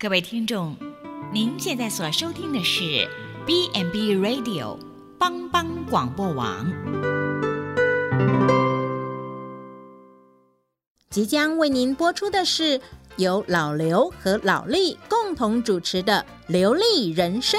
各位聽眾，您現在所收聽的是 B&B Radio 幫幫廣播網，即將為您播出的是由老劉和老莉共同主持的《流利人生》。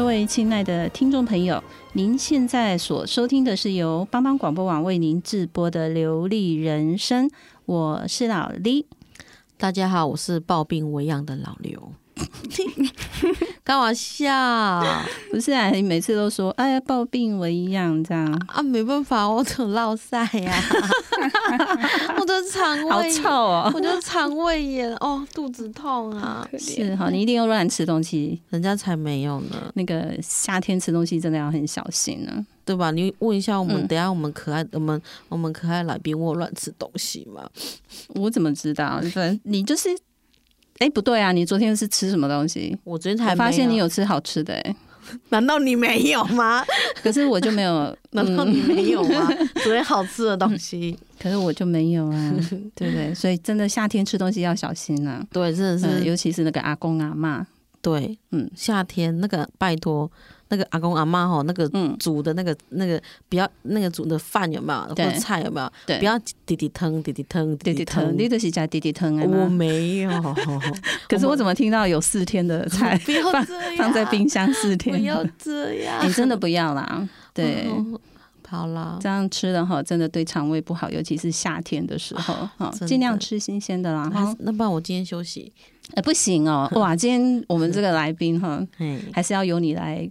各位親愛的聽眾朋友，您現在所收聽的是由幫幫廣播網為您直播的《流利人生》，我是老莉。大家好，我是暴病未養的老劉。幹嘛笑，啊？不是啊，你每次都說哎呀，抱病了一樣這樣啊，沒辦法，我得落曬呀，我的腸胃好臭，我的腸胃炎哦，肚子痛啊，是哈，你一定要亂吃東西，人家才沒有呢。那個夏天吃東西真的要很小心呢，啊，對吧？你問一下我們，嗯、等一下我們可愛我們我們可愛來賓，我亂吃東西嗎？我怎麼知道？是是你就是。哎，不對啊！你昨天是吃什麼東西？我昨天才發現你有吃好吃的，難道你沒有嗎？可是我就沒有，難道你沒有嗎？所 以、嗯、好吃的東西，可是我就沒有啊，對不對？所以真的夏天吃東西要小心啊！對，真的是，尤其是那個阿公阿嬤，對，嗯，夏天那個拜託。那個阿公阿媽哈，那個煮的那個、嗯、那個比較那個煮的飯有沒有？對，或者菜有沒有？對，不要滴滴騰，滴滴騰，滴滴騰，你這是在滴滴騰啊！我沒有， 可是我怎麼聽到有四天的菜放，放，放在冰箱四天？不要這樣！ 你真的不要啦，對，嗯嗯好了，這樣吃的哈，真的對腸胃不好，尤其是夏天的時候，哈、啊，盡量吃新鮮的啦。那那不然我今天休息？哎、嗯，不行哦，哇，今天我們這個來賓哈，還是要由你來。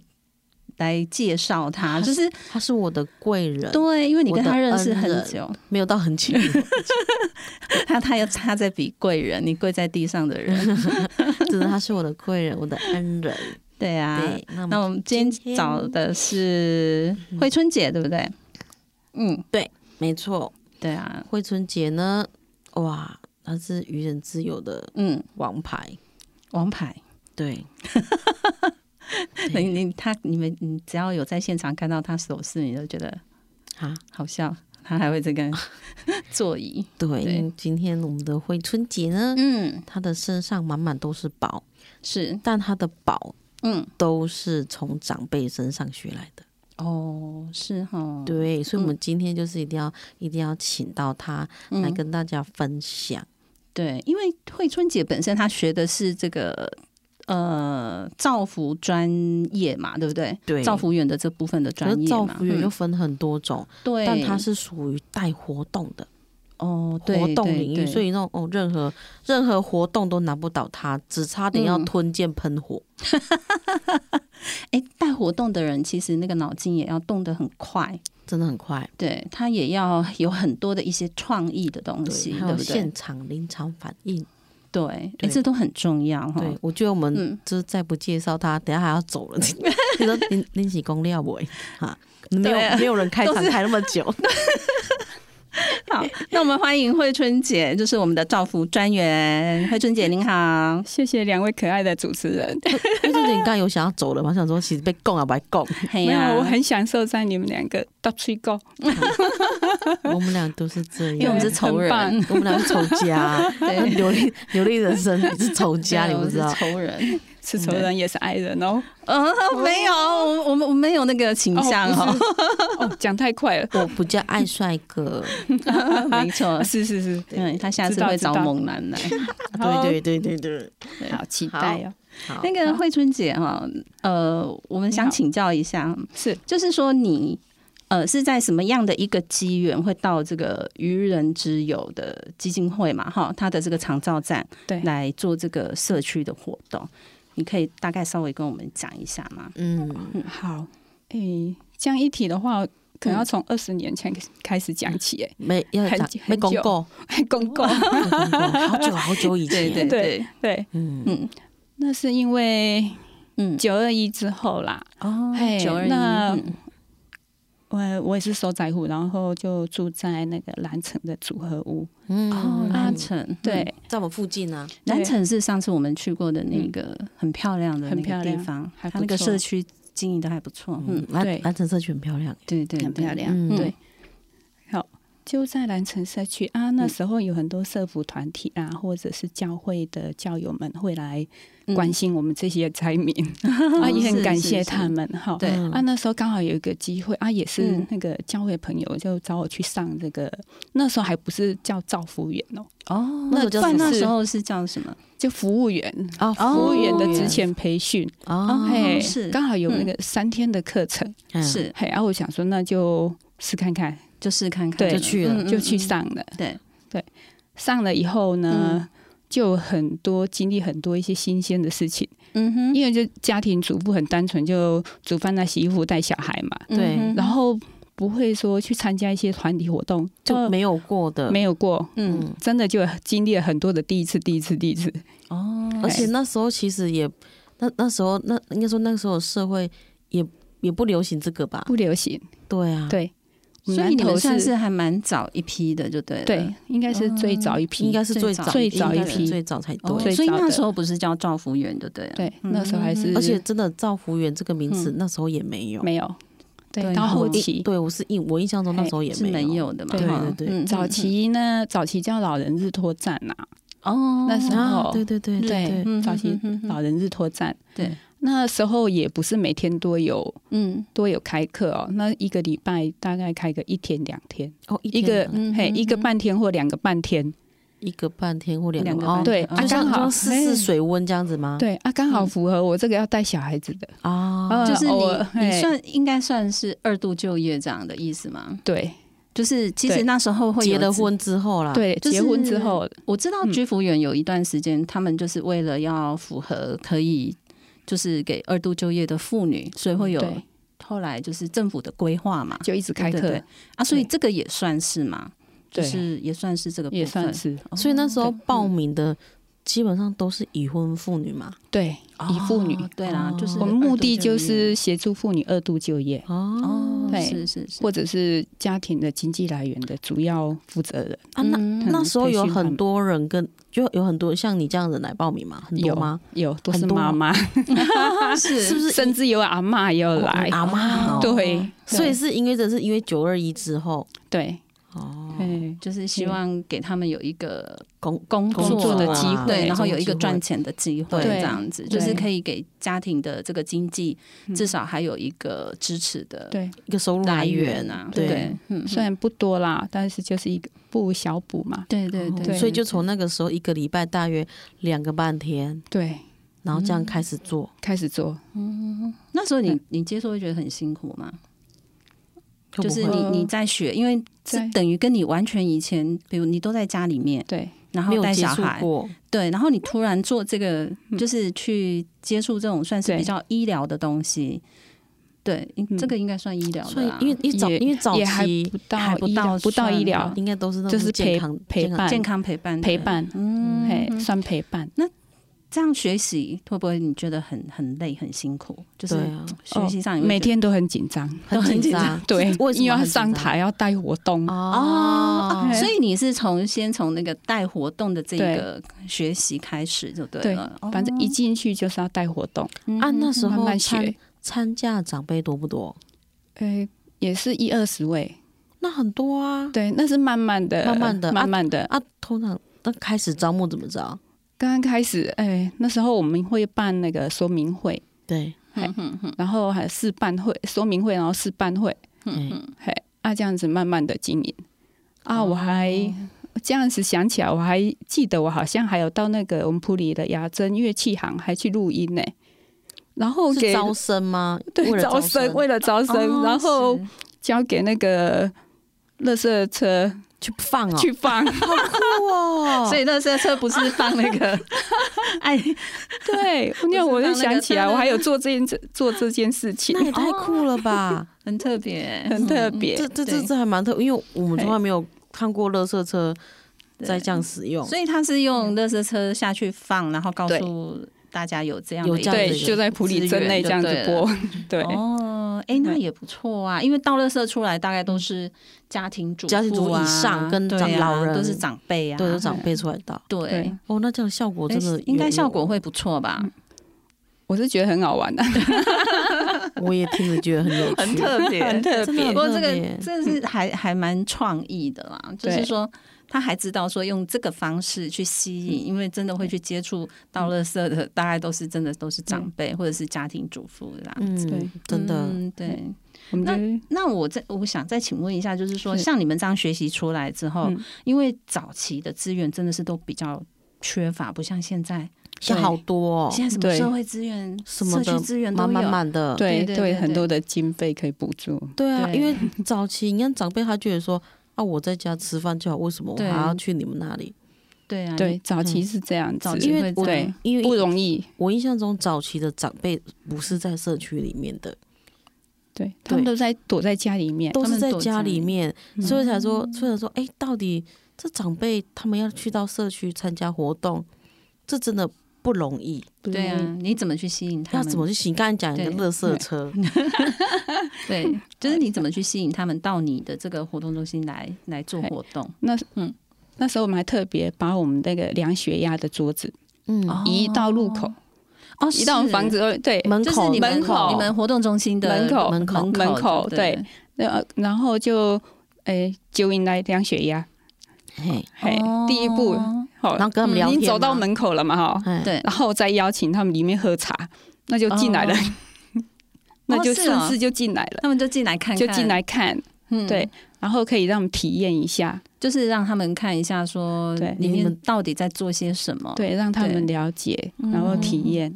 來介紹他。就是他是，他是我的貴人，對，因為你跟他認識很久？沒有到很久， 他他要他在比貴人，你跪在地上的人，只 是 他是我的貴人，我的恩人，對啊。對，那，那我們今天找的是惠春姐，對不對？嗯，對，沒錯，對啊。惠春姐呢，哇，那是愚人之友的，嗯，王牌，王牌，對。 你你他你們你只要有在現場看到他手勢，你就覺得啊好笑啊，他還會這個 座椅。對，因為今天我們的惠春姐呢，嗯，他的身上滿滿都是寶，是，但他的寶，嗯，都是從長輩身上學來的。哦，是哈，對，所以我們今天就是一定要、嗯、一定要請到他來跟大家分享。嗯、對，因為惠春姐本身他學的是這個。呃，照服專業嘛，對不對？對，照服員的這部分的專業嘛，照服員又分很多種。嗯、對，但它是屬於帶活動的，哦，活動領域，對對對，所以那種哦，任何任何活動都難不倒他，只差點要吞劍噴火。哎、嗯，帶、 欸、活動的人其實那個腦筋也要動得很快，真的很快。對，他也要有很多的一些創意的東西，對，有現場臨場反應。對，對、欸，這都很重要。哈，我覺得我們就是再不介紹他，等一下還要走了，你、就是、說，拎拎幾公料尾哈，沒有沒有人開場開那麼久。 好，那我們歡迎惠春姐，就是我們的照服專員惠春姐，您好，謝謝兩位可愛的主持人。 惠春姐，你剛有想要走了嗎，想說其實被供啊，白供。沒有，我很享受在你們兩個到處供。我們倆都是這樣，因為我們是仇人，我們倆是仇家，流利流利人生你是仇家，你不知道仇人。是仇人，也是愛人哦，嗯，沒有，我我們我沒有那個傾向哦，講、oh, oh, 太快了， 我不叫愛帥哥， 沒錯錯， 是是是，對他下次會找猛男來，對 對對對對，對好期待哦，喔。那個惠春姐哈，呃，我們想請教一下，是就是說你呃是在什麼樣的一個機緣會到這個愚人之友的基金會嘛？哈，他的這個長照站對來做這個社區的活動。你可以大概稍微跟我們講一下嗎？嗯嗯，好，誒、欸，這樣一提的話，可能要從二十年前開始講起，哎、嗯，沒要講，沒公告，好久好久好久以前，對對對嗯，嗯那是因為，嗯，九二一之後啦，嗯欸、哦，九二一。我我也是受災戶，然後就住在那個南城的組合屋。嗯，哦，南城對，在我附近啊。南城是上次我們去過的那個很漂亮的地方，很漂亮的地方，它那個社區經營的還不錯。嗯，對，南城社區很漂亮，對，對對，很漂亮，嗯，對。就在南城社區啊，那時候有很多社福團體啊、嗯，或者是教會的教友們會來關心我們這些災民、嗯、 啊，也很感謝他們哈、哦哦。對、嗯、啊，那時候剛好有一個機會啊，也是那個教會朋友就找我去上這個，嗯、那時候還不是叫照服務員哦哦，那算、就是、那時候是叫什麼？就服務員啊、哦，服務員的職前培訓哦，哦，嘿，是剛好有那個三天的課程是、嗯嗯、嘿，啊、我想說那就試看看。就試看看，就去了嗯嗯嗯，就去上了。對對，上了以後呢，嗯、就很多經歷很多一些新鮮的事情。嗯哼，因為就家庭主婦很單純，就煮飯、那洗衣服、帶小孩嘛。對、嗯，然後不會說去參加一些團體活動，就沒有過的，沒有過。嗯，真的就經歷了很多的第一次，第一次，第一次。哦，而且那時候其實也，那那時候那應該說那時候社會也也不流行這個吧？不流行。對啊。對。所以你們算是還蠻早一批的，就對，對，應該是最早一批，嗯、應該是最早最早一批最早才對、哦早，所以那時候不是叫照服員，就對了，對，那時候還是，嗯、而且真的照服員這個名字那時候也沒有，嗯、沒有，對，到後期，嗯、對我是印，我印象中那時候也沒有，是沒有的嘛對、哦，對對對，嗯、早期呢，早期叫老人日托站吶、啊，哦，那時候，啊、對對對對，對，對、嗯、對，對，對，對，早期老人日托站，對。那時候也不是每天都有，嗯，都有開課哦。那一個禮拜大概開個一天兩天哦，一、啊、一個、嗯、嘿、嗯，一個半天或兩個半天，一個半天或兩個半天、哦。對啊，剛、哦、好試試水溫這樣子嗎？對啊，剛好符合我這個要帶小孩子的哦。就是你、呃、你算應該算是二度就業這樣的意思嗎？對，就是其實那時候會結了婚之後啦，對，就是、結婚之後我知道居服員有一段時間、嗯、他們就是為了要符合可以。就是給二度就業的婦女，所以會有後來就是政府的規劃嘛，就一直開課啊，所以這個也算是嘛，就是也算是這個也算是，哦。所以那時候報名的基本上都是已婚婦女嘛，對已婦女、哦，對啦，就是就我們目的就是協助婦女二度就業哦，對是，是是，或者是家庭的經濟來源的主要負責人、嗯、啊，那那時候有很多人跟。就有很多像你這樣子來報名嗎？有很多嗎？有，都是媽媽很多媽媽， 是不是？甚至有阿媽也有來，阿媽對，對，所以是因為這是因為九二一之後，對，哦。對，就是希望給他們有一個工工作的機會、啊，然後有一個賺錢的機會，機會，對這樣子對，就是可以給家庭的這個經濟、嗯、至少還有一個支持的對、啊、一個收入來源啊，對，對，對、嗯，雖然不多啦，但是就是一個不無小補嘛。對對對，對，對，所以就從那個時候一個禮拜大約兩個半天，對，然後這樣開始做，嗯、開始做，嗯，那時候你你接受會覺得很辛苦嗎？就是你你在學，因為這等於跟你完全以前，比如你都在家裡面，對，然後帶小孩，對，然後你突然做這個，嗯、就是去接觸這種算是比較醫療的東西，對，對嗯、對這個應該算醫療的、啊，嗯、所以因為因為早因為早期還不到不到不到醫療，應該都是那種就是陪陪伴健康陪伴陪伴，嗯，嘿算陪伴、嗯、那。這樣學習會不會你覺得很很累很辛苦？就是學習上、啊哦、每天都很緊張，都很緊張。對，我因為要上台要帶活動哦，哦、okay，所以你是從先從那個帶活動的這個學習開始就對了。對，反正一進去就是要帶活動、哦、啊，那時候參參加長輩多不多？哎、欸，也是一二十位，那很多啊。對，那是慢慢的、慢慢的、慢慢的啊。通常都開始招募怎麼招？剛剛開始，哎，那時候我們會辦那個說明會，對，嗯、哼哼然後還試辦會說明會，然後試辦會、嗯，嘿，啊，這樣子慢慢的經營啊，我還、哦、這樣子想起來，我還記得我好像還有到那個文普裡的雅珍樂器行還去錄音呢，然後給是招生嗎？對，招生為了招生,招生,了招生、哦，然後交給那個垃圾車。去放啊、哦，去放，好酷哦！所以垃圾車不是放那個， 哎，對，那個，我就想起來，我還有做這件做這件事情，那也太酷了吧，很特別，很特別，嗯，這這這這還蠻特，因為我們從來沒有看過垃圾車在這樣使用，所以他是用垃圾車下去放，然後告訴。大家有這樣的一個對，就在普里鎮內這樣子播， 對哦，哎、欸，那也不錯啊。因為倒垃圾出來，大概都是家庭主婦、啊、家庭主婦以上、啊、跟長老人都是長輩啊，都是長輩、啊、出來倒對，對哦，那這個效果真的、欸、應該效果會不錯吧、嗯？我是覺得很好玩的、啊， 我也聽着覺得很有趣，很特別，很特別。不過這個真是還還蠻創意的啦，就是說。他還知道說用這個方式去吸引，嗯、因為真的會去接觸到垃圾的、嗯，大概都是真的都是長輩、嗯、或者是家庭主婦這樣子。對、嗯嗯，真的對。對那那我再我想再請問一下，就是說是像你們這樣學習出來之後、嗯，因為早期的資源真的是都比較缺乏，不像現在，現在好多、哦，現在什麼社會資源、社區資源都滿滿的，的，對對,對,對,對,對,對，很多的經費可以補助。對啊，對因為早期你看長輩，他覺得說。那、啊、我在家吃飯就好，為什麼我還要去你們那裡對？對啊，對、嗯，早期是這樣，早期因為對，因為不容易。我印象中早期的長輩不是在社區裡面的，對他們都在躲在家裡面，都是在家裡面，在裡面，所以才說，嗯、所以才說，哎、欸，到底這長輩他們要去到社區參加活動，這真的。不容易，對啊，你怎麼去吸引他們？要怎麼去吸引？剛才講的垃圾車，對，對， 對，就是你怎麼去吸引他們到你的這個活動中心來來做活動？那嗯，那時候我們還特別把我們那個量血壓的桌子，嗯，移到路口，哦，哦是移到我們房子對門口、就是、你門口、門口你們活動中心的門口門口門口、門口對，那然後就哎、欸、就應該量血壓，嘿嘿、哦，第一步。好，然後跟他們聊天，嗯，已經走到門口了嘛，哈，對，然後再邀請他們裡面喝茶，那就進來了，oh. 那就順勢，oh, 是哦，就進來了，他們就進來看，看，就進來看，嗯，對，然後可以讓他們體驗一下，就是讓他們看一下，說裡面到底在做些什麼，對，對，讓他們了解，然後體驗，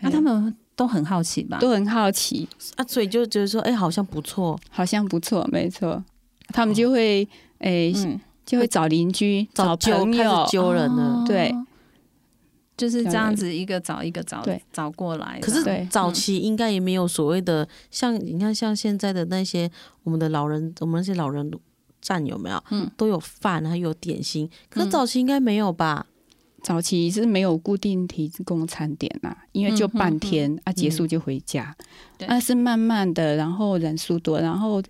那，嗯啊，他們都很好奇吧，都很好奇啊，所以就覺得說，哎，欸，好像不錯，好像不錯，沒錯，他們就會哎。欸嗯嗯就會找鄰居、找朋友去揪人了、啊，對，就是這樣子一個找一個找對找過來。可是早期應該也沒有所謂的像，像你看，像現在的那些我們的老人，嗯、我們那些老人站有沒有？嗯、都有飯，還有點心。可是早期應該沒有吧、嗯？早期是沒有固定提供餐點啊，因為就半天、嗯、哼哼啊，結束就回家。但、嗯啊、是慢慢的，然後人數多，然後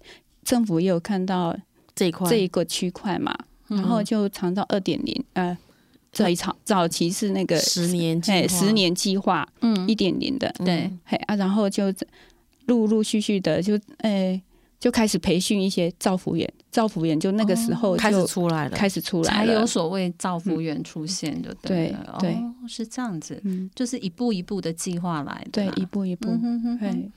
政府也有看到。這一塊，這一個區塊嘛、嗯，然後就長到二點零，呃，這一場早期是那個十年，對，十年計劃，嗯，一點零的，對，嘿啊，然後就陸陸續續的就，哎、欸，就開始培訓一些照服員，照服員就那個時候開始出來了，哦、開始出來了，才有所謂照服員出現的、嗯，對，對，哦、是這樣子、嗯，就是一步一步的計劃來的、啊，對，一步一步，嗯哼哼哼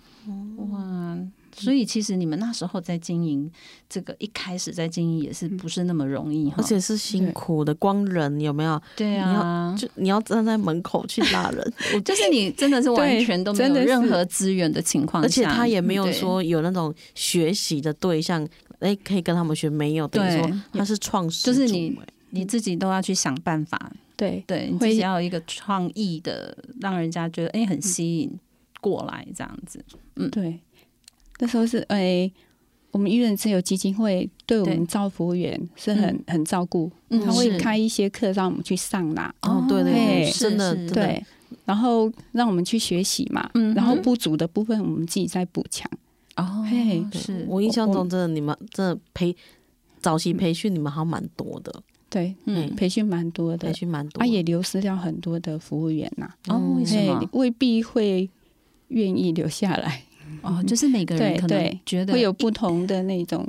哇，所以其實你們那時候在經營這個，一開始在經營也是不是那麼容易哈，而且是辛苦的，光人有沒有？對啊，你就你要站在門口去拉人， 就是你真的是完全都沒有任何資源的情況下，而且他也沒有說有那種學習的對象，哎、欸，可以跟他們學，沒有，等於說他是創始。對，就是你你自己都要去想辦法，對對，會想、就是、要一個創意的，讓人家覺得、欸、很吸引。嗯過來這樣子，嗯，對，那時候是哎、欸，我們醫院自由基金會對我們照服員是很很照顧、嗯，他會開一些課讓我們去上啦、嗯，哦，對對嘿，的，對，然後讓我們去學習嘛，嗯，然後不足的部分我們自己再補強。哦，嘿，是我印象中真的你們這培早期培訓你們好像蠻多的，對，嗯，培訓蠻多的，培訓蠻多的，他、啊、也流失掉很多的服務員吶、啊嗯欸，哦，對，未必會。願意留下來哦，就是每個人可能覺得會有不同的那種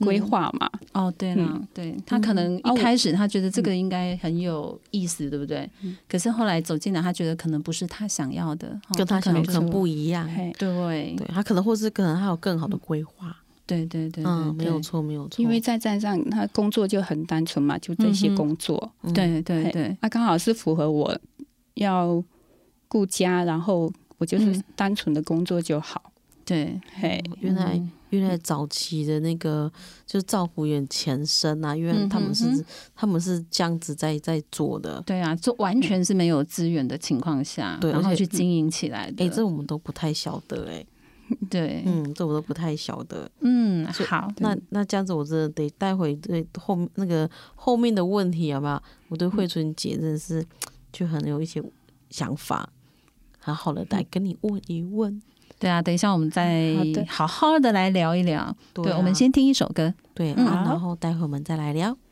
規劃嘛、嗯。哦，對了，對、嗯哦對了嗯，他可能一開始他覺得這個應該很有意思，嗯、對不對、哦嗯？可是後來走進來，他覺得可能不是他想要的，跟他想、哦、他可能就可能不一樣。嘿對，對他可能或是可能還有更好的規劃。嗯、對對對對對，嗯，沒有錯，沒有錯。因為在站上，他工作就很單純嘛，就這些工作。嗯、對對對對，他剛好是符合我要顧家，然後。我就是單純的工作就好。嗯、對，嘿，原來、嗯、原來早期的那個、嗯、就是照服員前身啊，因、嗯、為他們是他們是這樣子在在做的。對啊，就完全是沒有資源的情況下，嗯、然後去經營起來的。誒、嗯欸，這我們都不太曉得、欸，誒對，嗯，這我都不太曉得。嗯，好，那那這樣子，我真的得待會對後那個後面的問題好不好？我對惠春姐真的是就、嗯、很有一些想法。很好的，來跟你問一問。對啊，等一下我們再好好的來聊一聊。對啊。對，我們先聽一首歌。對啊，然後待會我們再來聊。嗯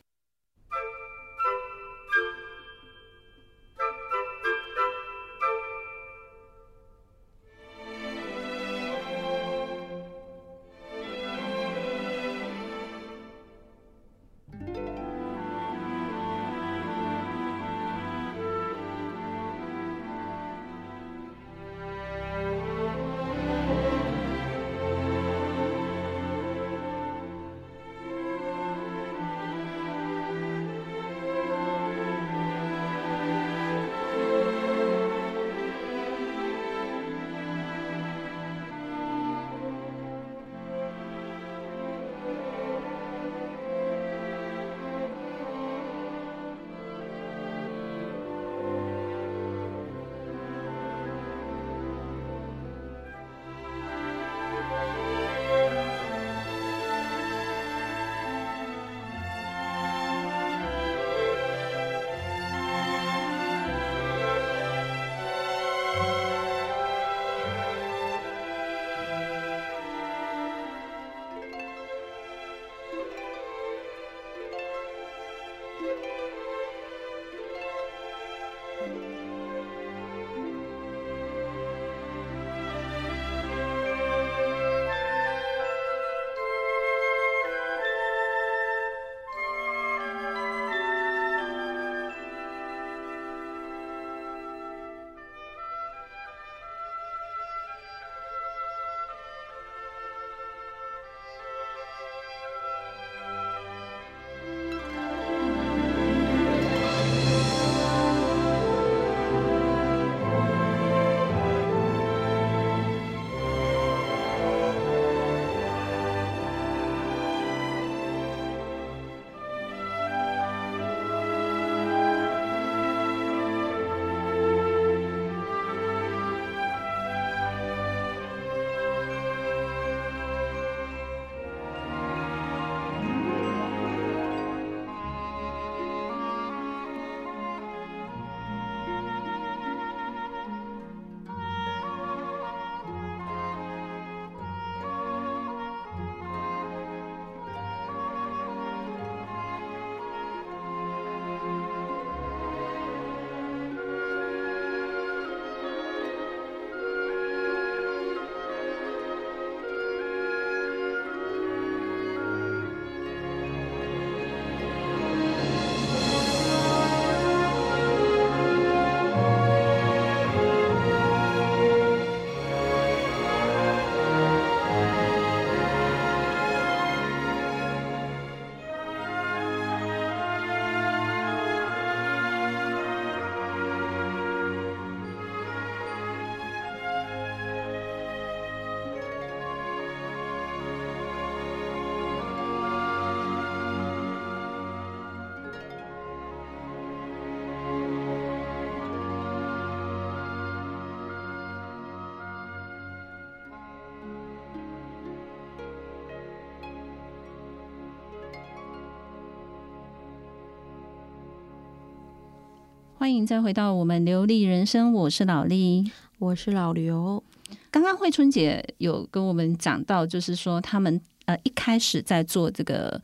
歡迎再回到我們流利人生，我是老莉，我是老劉。剛剛惠春姐有跟我們講到，就是說他們呃一開始在做這個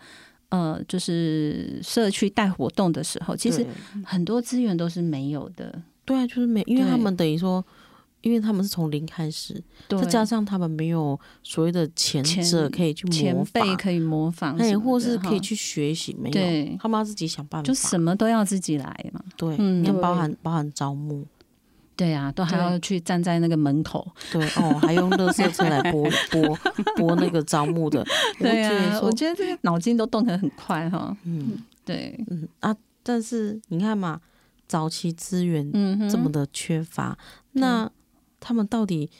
呃就是社區帶活動的時候，其實很多資源都是沒有的。對啊，就是沒，因為他們等於說，因為他們是從零開始對，再加上他們沒有所謂的前者可以去模仿，前輩可以模仿，哎，或是可以去學習，對沒有，他們要自己想辦法，就什麼都要自己來嘛。對，要包含，嗯、包含招募，對呀，啊，都還要去站在那個門口，對，對哦，還用垃圾車來播 播 播那個招募的，我對、啊、我覺得這些腦筋都動得很快哈、哦，嗯，對，嗯啊，但是你看嘛，早期資源這麼的缺乏，嗯，那他們到底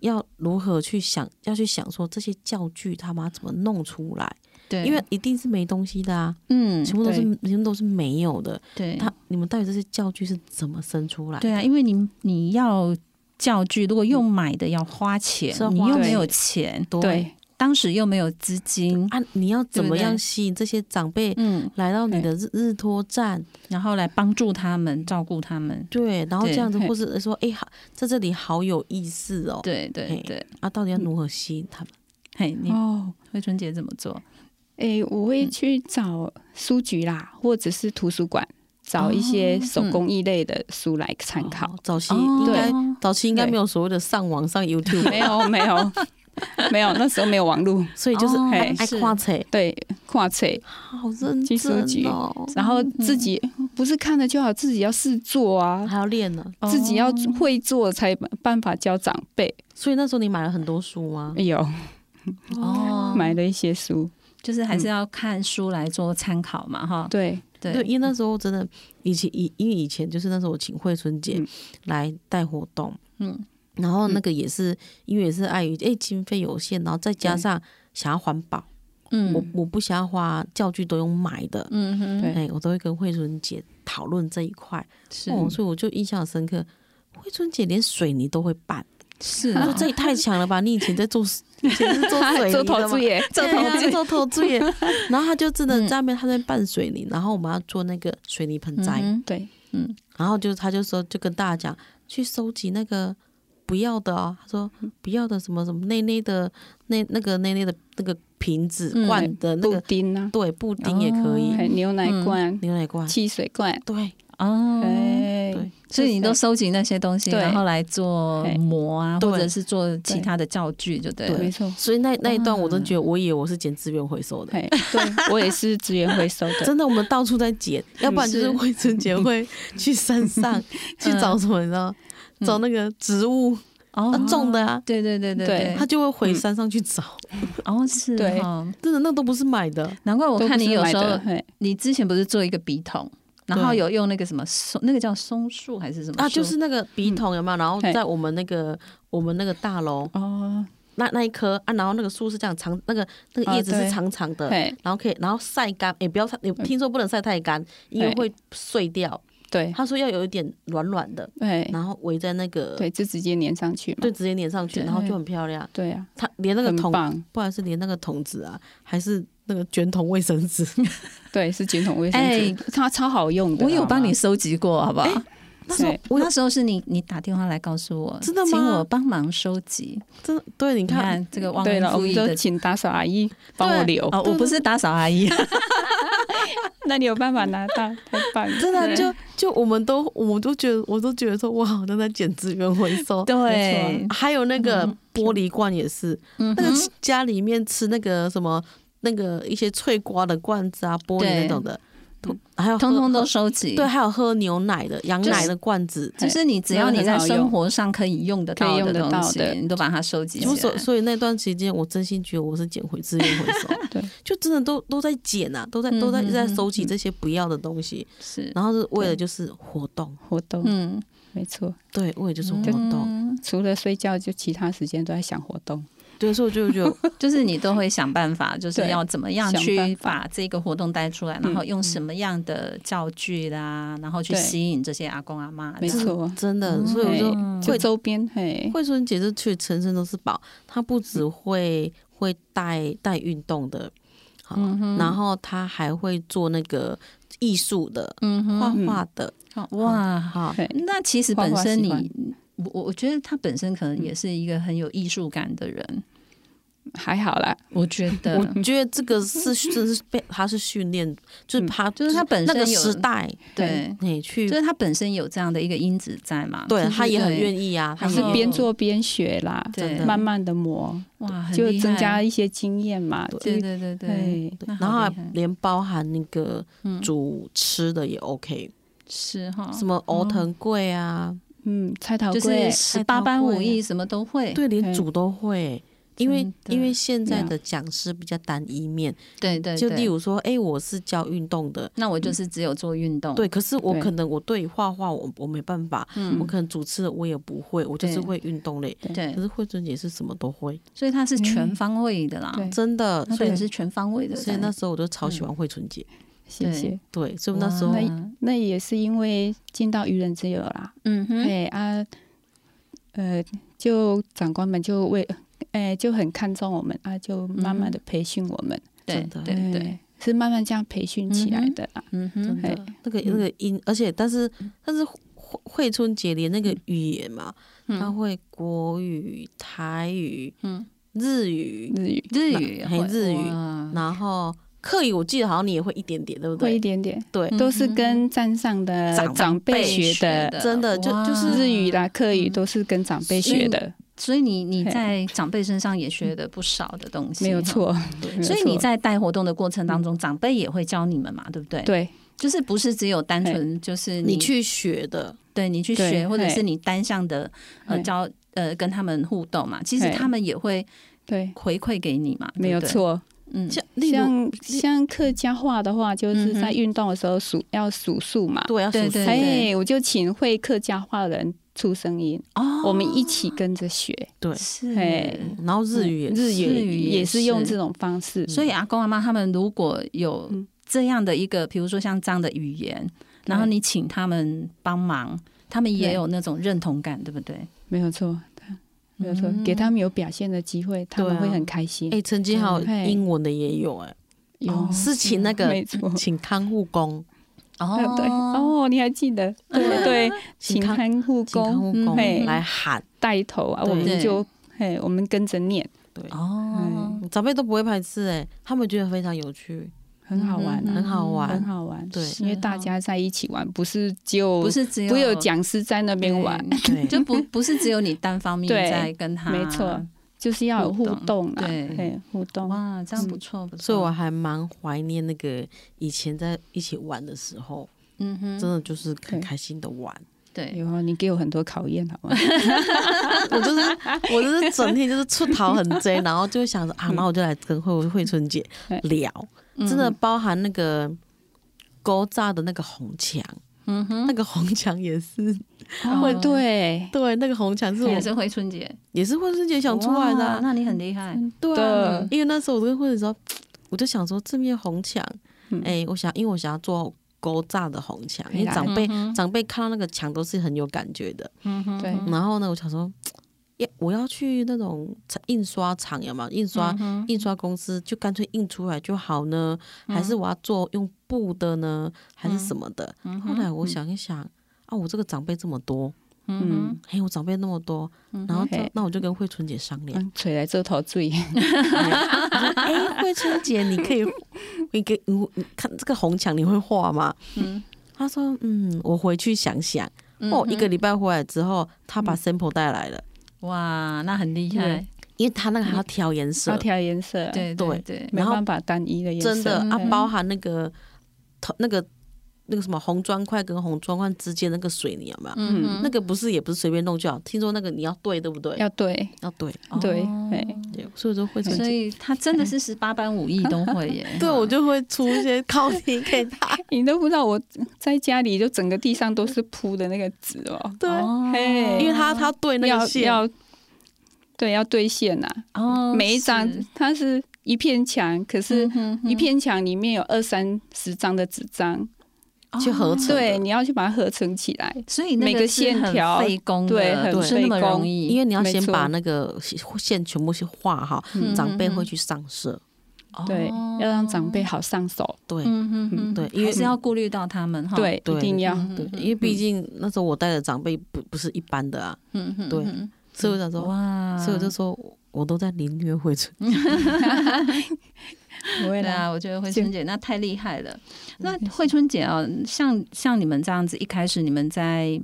要如何去想，要去想說這些教具他媽怎麼弄出來？對，因為一定是沒東西的啊，嗯，全部都是全部都是沒有的。對，他你們到底這些教具是怎麼生出來的？對啊，因為你你要教具，如果用買的要花錢，花錢你又沒有錢，對，對對當時又沒有資金啊，你要怎麼樣吸引這些長輩嗯來到你的日日托站，然後來幫助他們照顧他們？對，然後這樣子，或是說，哎、欸，好，在這裡好有意思哦、喔，對對對，對啊，到底要如何吸引他們？嗯、嘿你，哦，惠春姐怎麼做？誒，我會去找書局啦，嗯、或者是圖書館找一些手工藝類的書來參考。哦哦、早期應該對，早期應該沒有所謂的上網上 YouTube，沒有沒有 沒有，那時候沒有網絡，所以就是愛愛看冊，對看冊，好認真哦書局。然後自己不是看了就好，自己要試做啊，還要練呢，自己要會做才辦法教長輩、哦。所以那時候你買了很多書嗎？有哦，買了一些書。就是還是要看書來做參考嘛，嗯，哈。對對，因為那時候真的以前以因為以前就是那時候我請惠春姐來帶活動，嗯，然後那個也是因為、嗯、也是礙於哎經費有限，然後再加上想要環保，嗯，我我不想要花教具都用買的，嗯哼，哎，我都會跟惠春姐討論這一塊，是、哦，所以我就印象深刻，惠春姐連水泥都會拌，是，她說這也太強了吧， 你以前在做。其實是做水、啊，做頭做眼，做頭、啊、做頭做眼。 然後他就真的在那邊他在拌水泥，嗯、然後我們要做那個水泥盆栽。嗯、對，嗯。然後就他就說，就跟大家講，去收集那個不要的哦。他說不要的什麼什麼內內的那那個內內的那個瓶子、嗯、罐的那個、嗯、布丁啊，對，布丁也可以，牛奶罐、嗯、牛奶罐、汽水罐，對，哦。對對對，所以你都收集那些東西，然後來做膜啊，或者是做其他的教具就對了，就對，對。沒錯。所以那那一段我都覺得我也，我以為我是撿資源回收的，對對 我也是資源回收的。 真的，我們到處在撿、嗯，要不然就是惠春姐會去山上、 嗯、去找什麼呢？找那個植物、哦、啊種的啊？哦、對，對，對對對對。他就會回山上去找。嗯、哦，是哦。對。真的，那都不是買的。難怪我看你有時候，你之前不是做一個筆筒？然後有用那個什麼松，那個叫松樹還是什麼？啊，就是那個筆筒有沒有？然後在我們那個、嗯、我們那個大樓哦、嗯，那、嗯、那一棵啊，然後那個樹是這樣長，那個那個葉子是長長的、啊對，然後可以，然後曬乾，也不要晒，聽說不能晒太乾，因為會碎掉。對，他說要有一點軟軟的，對，然後圍在那個，對，就直接粘上去嘛。對，直接粘上去，然後就很漂亮。對,對啊，他連那個桶，不管是連那個筒子啊，還是。那個卷筒衛生紙， 對，是卷筒衛生紙。哎、欸，它超好用的。我有幫你收集過，好不好、欸？那時候那時候是你，你打電話來告訴我，真的嗎？請我幫忙收集，真的，對。你看這個忘恩對了，負義的，請打掃阿姨幫我留,我我留。啊，我不是打掃阿姨、啊。 那你有辦法拿到，太棒了真的，就就我們都我們都覺得，我都覺得說哇，真的簡直跟回收。對，還有那個玻璃罐也是，那個家裡面吃那個什麼。那個一些脆瓜的罐子啊、玻璃那種的，都還有通通都收集。對，還有喝牛奶的、羊奶的罐子，就是、就是、你只要你在生活上可以用得到的、可以用得到的東西，你都把它收集起來。所所以那段時間，我真心覺得我是撿回資源回收， 對，就真的都都在撿啊，都在都在、嗯、在收集這些不要的東西。是，然後是為了就是活動，活動，嗯，沒錯，對，為了就是活動，除了睡覺就其他時間都在想活動。就是我就就 就是你都會想辦法，就是要怎麼樣去把這個活動帶出來，然後用什麼樣的教具啦，嗯、然後去吸引這些阿公阿嬤。沒錯，真的，嗯，所以我就會嘿就周邊，惠春姐姐去全身都是寶，他不只會、嗯、會帶帶運動的，好，嗯，然後他還會做那個藝術的，嗯、畫畫的，嗯、哇、嗯，好好，好，那其實本身你。畫畫我我覺得他本身可能也是一個很有藝術感的人、嗯，還好啦。我覺得 我覺得這個是這是被他是訓練，就是他是、就是他嗯、就是他本身那個時代對你去，就是他本身有這樣的一個因子在嘛。對、就是就是、他也很願意、啊、意啊，他是邊做邊學啦對，慢慢的磨哇，就增加一些經驗嘛。對對對對，對對對。然後連包含那個煮、嗯、吃的也 OK，是齁，什麼熬藤貴啊。嗯嗯，猜頭、就是十八般武藝，什麼都會，對，對對連煮都會。因為因為現在的講師比較單一面，對，對，就例如說，哎、欸，我是教運動的，那我就是只有做運動、嗯。對，可是我可能我對畫畫，我我沒辦法，嗯，我可能主持的我也不會，我就是會運動類對。對，可是惠春姐是什麼都會，所以她是全方位的啦，嗯、真的所，所以是全方位的。所以那時候我都超喜歡惠春姐。嗯謝謝，對，所以那時候那那也是因為進到愚人之友啦，嗯哼，對、欸、啊，呃，就長官們就為，哎、欸，就很看重我們啊，就慢慢的培訓我們，嗯、對對對，是慢慢這樣培訓起來的啦，嗯哼，對那個那個音，而且但是但是惠惠春姐連那個語言嘛，他、嗯、會國語、台語、嗯，日語、日語、日語很日語，然後。客語我記得好像你也會一點點，對不對？會一點點，對，都是跟站上的長輩學的，學的真的就就是日語啦、啊、客語都是跟長輩學的。所以，所以你你在長輩身上也學的不少的東西沒，沒有錯。所以你在帶活動的過程當中、嗯，長輩也會教你們嘛，對不對？對，就是不是只有單純就是你，你去學的，對你去學或者是你單向的呃教呃跟他們互動嘛，其實他們也會對回饋給你嘛，對對沒有錯。嗯，像像像客家話的話，就是在運動的時候數、嗯、要數數嘛，對，對，對，對，要數數。哎，我就請會客家話的人出聲音，哦，我們一起跟着學。對，是。哎、hey，然後日語也是，日語也是用這種方式。所以阿公阿媽他們如果有這樣的一個，嗯、比如說像這樣的語言，然後你請他們幫忙，他們也有那種認同感，對，對不對？沒有錯。沒有錯，給他們有表現的機會、嗯，他們會很開心。哎、欸，曾經好英文的也有哎、欸，有、哦、是請那個，沒錯，請看護工。哦，對哦，你還記得？ 對對 請，請看護工，看護工來喊帶頭啊，我們就嘿，我們跟着念。對哦，嗯、長輩都不會排斥哎、欸，他們覺得非常有趣。很好玩、啊嗯，很好玩，很好玩。對，因為大家在一起玩，不是就是、哦、不是只有講師在那邊玩，對對 就不不是只有你單方面在跟他對。沒錯，就是要有互動對，對，互動。哇，這樣不錯不錯。所以我還蠻懷念那個以前在一起玩的時候，嗯哼，真的就是很開心的玩。對，對有後、哦、你給我很多考驗，好嗎？我就是我就是整天就是出逃很賊 然後就想着啊，那我就來跟惠 惠春姐聊。真的包含那個古早的那個紅牆，嗯哼，那個紅牆也是，會、嗯、 對、哦、對，那個紅牆是也是惠春姐，也是惠春姐想出來的，那你很厲害對，對，因為那時候我就會說，我就想說這面紅牆，哎、嗯欸，我想因為我想要做古早的紅牆，因為長輩、嗯、長輩看到那個牆都是很有感覺的，嗯哼，對，然後呢，我想說。要我要去那種印刷廠呀，嘛，印刷印刷公司就乾脆印出來就好呢，還是我要做用布的呢，還是什麼的？嗯嗯、後來我想一想、嗯、啊，我這個長輩這麼多，嗯、嘿、欸，我長輩那麼多，嗯、然後就、嗯、那我就跟惠春姐商量，誰來遮桃醉？我、嗯、哎、嗯嗯嗯嗯嗯嗯嗯欸，惠春姐，你可以，你給，我你，你看這個紅牆，你會畫嗎？嗯、他說嗯，我回去想想。哦、嗯、一個禮拜回來之後，他把 sample 帶來了。嗯嗯哇，那很厲害，因為他那個還要調顏色，調顏色，對對對，對，沒辦法單一的顏色，真的啊，包含那個頭、嗯嗯、那個。那個什麼紅磚塊跟紅磚塊之間那個水泥有沒有？嗯，那個不是也不是隨便弄就好，聽說那個你要對，對不對？要對，要對，對，所以就會。所以他真的是十八般武藝都會耶。 對，我就會出一些考題給他。 你都不知道我在家裡就整個地上都是鋪的那個紙哦。對，嘿、哦，hey, 因為他他對那個要，要對要對線吶、啊。哦。每一張它是，是一片牆，可是一片牆裡面有二三十張的紙張。去合成，對，你要去把它合成起來。所以那個每個線條費工，對很工，對，是那麼容易。因為你要先把那個線全部去畫好，長輩會去上色，嗯嗯嗯 oh，對，要讓長輩好上手，對，嗯嗯、對，還是要顧慮到他們哈，嗯，對，一定要，對因為畢竟那時候我帶的長輩不不是一般的啊，嗯嗯、對，所以我想說哇，所以我就說我都在零約會中。 不會啦 啊，我覺得惠春姐那太厲害了。那惠春姐啊、哦，像像你們這樣子，一開始你們在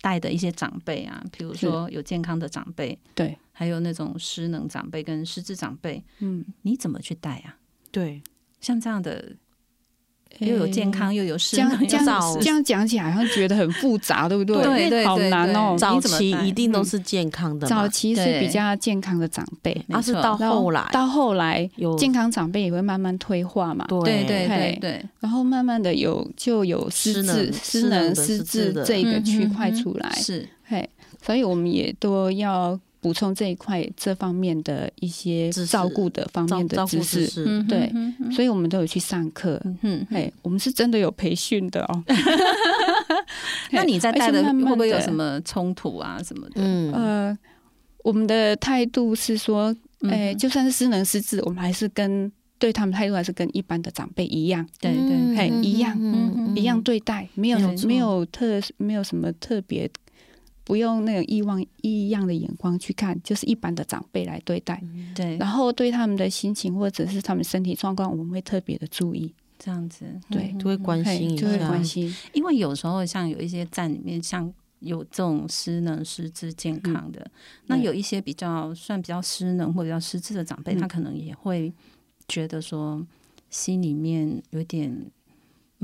帶的一些長輩啊，比如說有健康的長輩，對，還有那種失能長輩跟失智長輩，嗯，你怎麼去帶啊？對，像這樣的。又有健康又有失能、欸，這樣這樣講起來好像覺得很複雜， 對不對？對對對對，對好難哦、喔。早期一定都是健康的，早期是比較健康的長輩，而、嗯啊、是到後來後，到後來，健康長輩也會慢慢退化嘛。對對對，對，對然後慢慢的有就有失智失能，失，能的失智這個區塊出來，嗯、是，嘿，所以我們也都要。補充這一塊，這方面的一些照顧的方面的知識，對，所以我們都有去上課。嗯，嗯，哎、欸，我們是真的有培訓的哦。 那你在帶的會不會有什麼衝突啊什麼的？慢慢的嗯、呃，我們的態度是說，哎、欸，就算是失能失智、嗯，我們還是跟對他們態度還是跟一般的長輩一樣。對對,對，哎、欸，一樣嗯哼嗯哼，一樣對待，沒有沒有,沒有特沒有什麼特別。不用那種異望異樣的眼光去看，就是一般的長輩來對待，嗯，對。然後對他們的心情或者是他們身體狀況，我們會特別的注意，這樣子，對，嗯、對都會關心關心。因為有時候像有一些站裡面，像有這種失能失智健康的，嗯，那有一些比較、嗯、算比較失能或者比較失智的長輩，嗯，他可能也會覺得說心裡面有點。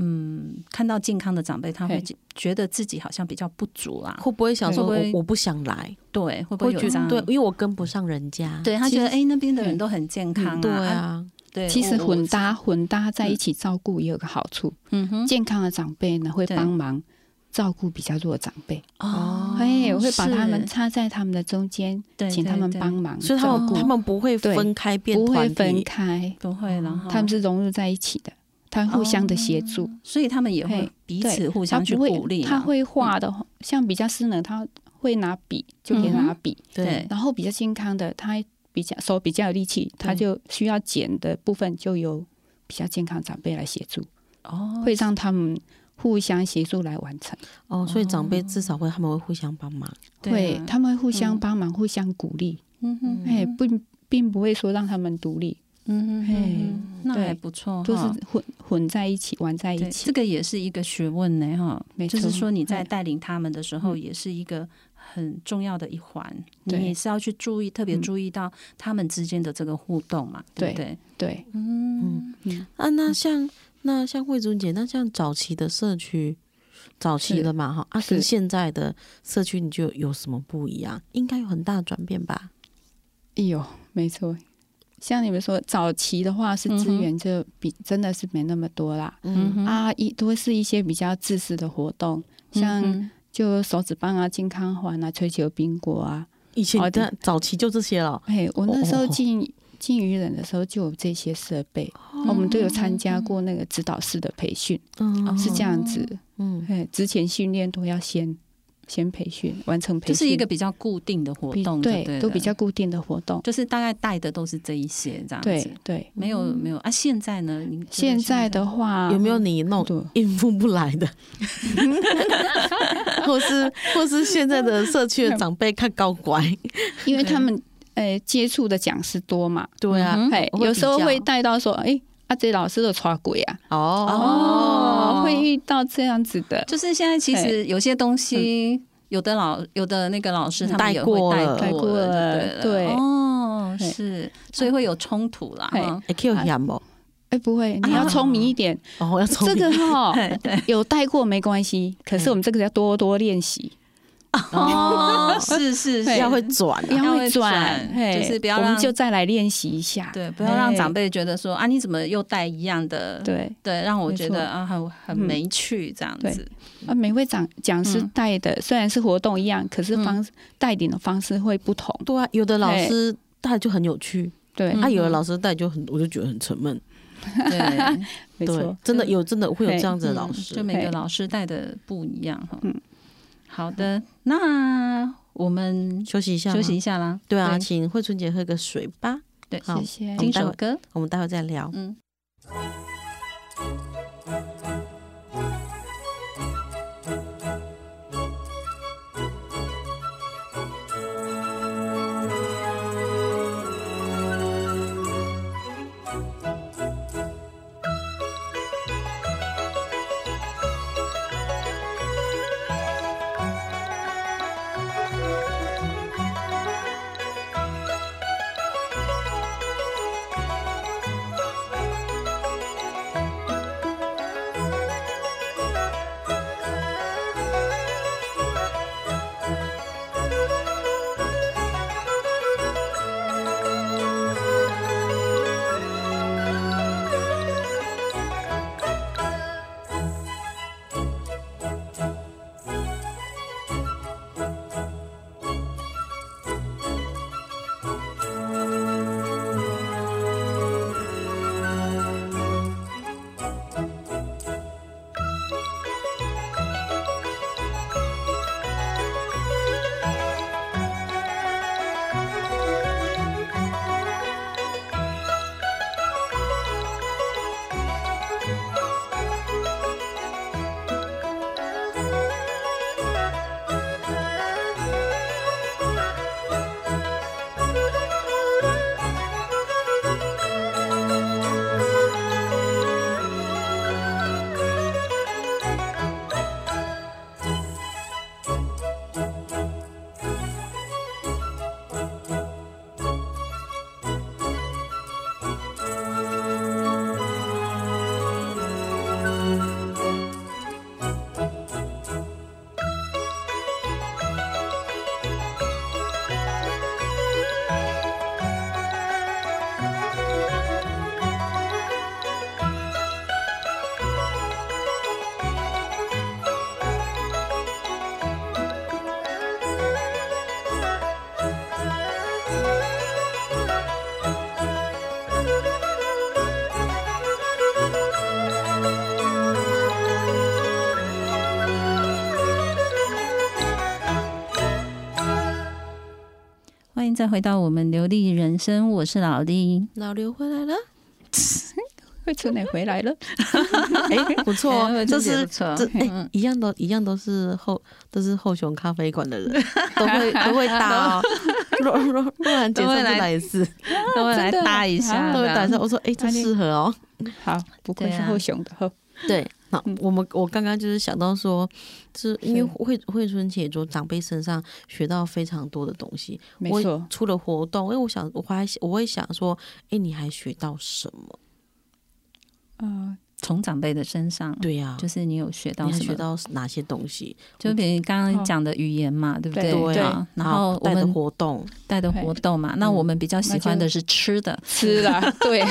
嗯，看到健康的長輩，他會覺得自己好像比較不足啊，會不會想說我會不會我不想來？對，會不會有這樣？對，因為我跟不上人家。對，他覺得哎、欸，那邊的人都很健康、啊嗯嗯。對啊，對。其實混搭、哦、混搭在一起照顧也有個好處。嗯哼，健康的長輩呢會幫忙照顧比較弱的長輩。哦。他、欸、會把他們插在他們的中間，請他們幫忙照顧。對對對。所以他們他們不會分開變，變不會分開，不會，然後他們是融入在一起的。他互相的協助、哦，所以他們也會彼此互相去鼓勵。他會畫的、嗯，像比較失能，他會拿筆就可以拿筆、嗯。對，然後比較健康的，他比較手比較有力氣，他就需要剪的部分就由比較健康長輩來協助。哦，會讓他們互相協助來完成。哦，所以長輩至少會、哦、他們會互相幫忙。對、啊、對他們會互相幫忙、嗯，互相鼓勵。嗯哼，哎，並並不會說讓他們獨立。嗯，嘿，那還不錯，都是混混在一起玩在一起，這個也是一個學問呢，哈，沒錯。就是說你在帶領他們的時候，也是一個很重要的一環、嗯，你也是要去注意，嗯、特別注意到他們之間的這個互動嘛，對對對，對，對，嗯嗯，嗯。啊，那像那像惠春姐，那像早期的社區，早期的嘛哈，啊是跟現在的社區你就有什麼不一樣？應該有很大的轉變吧？哎呦，沒錯。像你們說早期的話，是資源就比、嗯、真的是沒那麼多啦。嗯，啊，一都是一些比較自私的活動，像就手指棒啊、健康環啊、吹球冰果啊，以前好像早期就這些了。哎，我那時候進、哦、進魚人的時候就有這些設備，哦、我們都有參加過那個指導師的培訓、哦，是這樣子。嗯，哎，之前訓練都要先。先培訓，完成培訓這、就是一個比較固定的活動，對，對，都比較固定的活動，就是大概帶的都是這一些這樣子。對對、嗯，沒有沒有。啊，現在呢？現在？現在的話，有沒有你弄應付不來的？嗯、或是或是現在的社區的長輩看高乖，因為他們呃、欸、接觸的講師多嘛。對啊，嗯、對有時候會帶到說，哎、欸。啊，這老師都錯過呀、哦！哦，會遇到這樣子的，就是現在其實有些東西，嗯、有的老有的那個老師他們也會帶過了，帶過了帶過了帶過了對對對，哦是、哎，所以會有衝突啦。哎，可、哎、以有嗎？哎，不會，你要聰明一點、啊、哦要聰，這個哈、哦、 有帶過沒關係，可是我們這個要多多練習。哦， 是是是要會轉，要會轉、啊，就是不要我們就再來練習一下，對，不要讓長輩覺得說、哎、啊，你怎麼又帶一樣的？對對，讓我覺得啊很很沒趣這樣子。嗯、啊，每位講講師帶的、嗯、雖然是活動一樣，可是方帶領、嗯、的方式會不同。對啊，有的老師帶就很有趣，啊對啊、嗯，有的老師帶就很我就覺得很沉悶。對，沒錯，真的有真的會有這樣子的老師，嗯、就每個老師帶的不一樣哈。好的，那我們休息一下，休息一下啦。對啊，請惠春姐喝個水吧。對，好，謝謝。聽首歌，我們待會再聊。嗯。再回到我們流利人生，我是老莉，老劉回來了，會從哪回來了？哎，不錯，真的不錯，哎、欸，一樣都一樣都是後都是後熊咖啡館的人，都會都會搭哦， 若若若然姐再來一次，讓我來搭 一下，都會搭一下。我說哎，這、欸、適合哦，好，不愧是後熊的，對。那我們我剛剛就是想到說，是因為惠惠春姐從長輩身上學到非常多的東西。沒錯，我出了活動，因為我想我還我會想說，誒，你還學到什麼？呃從長輩的身上，對呀、啊，就是你有學到什麼？你學到哪些東西？就比如你剛剛講的語言嘛，對不對？對。對，然後我們帶的活動，帶的活動嘛。那我們比較喜歡的是吃的，吃的。 對，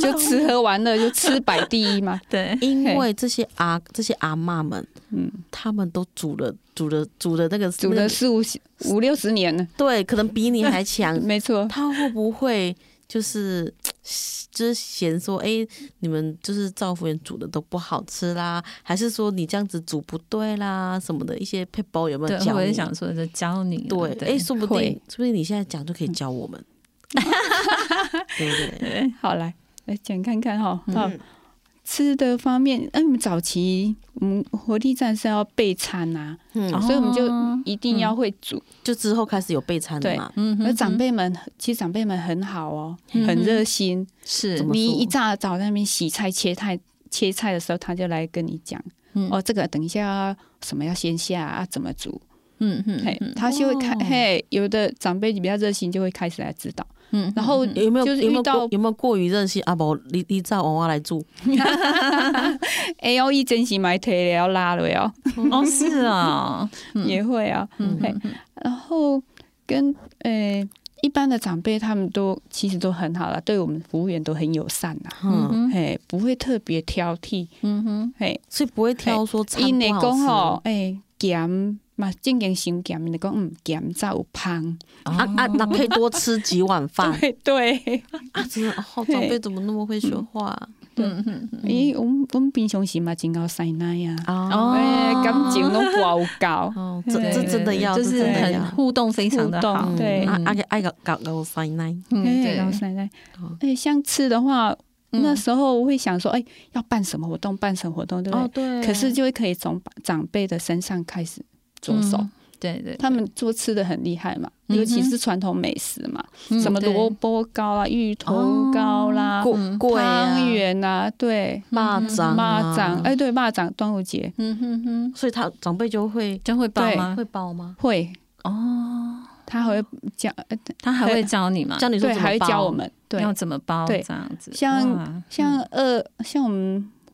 就吃喝玩樂，就吃擺第一嘛。對，因為這些阿這些阿嬤們，嗯，他們都煮了煮了煮了那個煮了四五五六十年了。對，可能比你還強。 沒錯，他會不會？就是之前、就是、說，哎、欸，你們就是照服員煮的都不好吃啦，還是說你這樣子煮不對啦，什麼的一些配包有沒有教我，我就想說，就教你。對，哎、欸，說不定說不定你現在講就可以教我們，嗯、 對不對，對，對？好，來來講看看哈。嗯。吃的方面，那我們早期，我們活力戰士要備餐吶、啊，嗯，所以我們就一定要會煮，嗯、就之後開始有備餐對，嘛，嗯。而長輩們、嗯哼哼，其實長輩們很好哦，很熱心，嗯、是你一大早那邊洗菜切菜切菜的時候，他就來跟你講、嗯，哦，這個等一下什麼要先下啊，怎麼煮。嗯嗯，嘿，他就會開嘿，有的長輩比較熱心，就會開始來指導。嗯，然後有沒有就是有沒有沒有過於熱心啊？不你，你你照娃娃來住。哎喲，真心買退了，拉了要。哦，是啊、哦 嗯，也會啊。嗯,嗯嘿，然後跟誒、欸、一般的長輩他們都其實都很好了，對我們服務員都很友善嗯嘿，不會特別挑剔。嗯哼，嘿，是不會挑說好嘛，正經先減，你講嗯，減再有胖，啊啊，那、哦啊、可以多吃幾碗飯。 對對， 啊，這好長輩怎麼那麼會說話、啊？嗯嗯，誒、嗯欸，我們我們平常時嘛，見到奶奶呀，哦，趕、欸、不弄報告，這這真的要對對對，就是很互動，非常的好。對，對，對，而且愛搞搞老奶奶，嗯，對，老奶奶。誒、啊啊啊啊啊，像吃的話，那時候我會想說，哎、嗯，要辦什麼活動，辦什麼活動對不對？對。可是就會可以從長輩的身上開始。做手，嗯、對對、對，他們做吃的很厲害嘛、嗯，尤其是傳統美食嘛，嗯、什麼蘿蔔糕啦、啊、芋頭糕啦、湯圓啊，對、哦，麻、嗯啊嗯、掌、麻掌，哎，對，麻掌，端午節，嗯哼哼，所以他長輩就會真會包嗎？會包嗎？會哦，他還會教、呃，他還會教你嗎？欸、教你說對，還會教我們，對，要怎麼包？對，這樣子，像、嗯、像呃，像我們。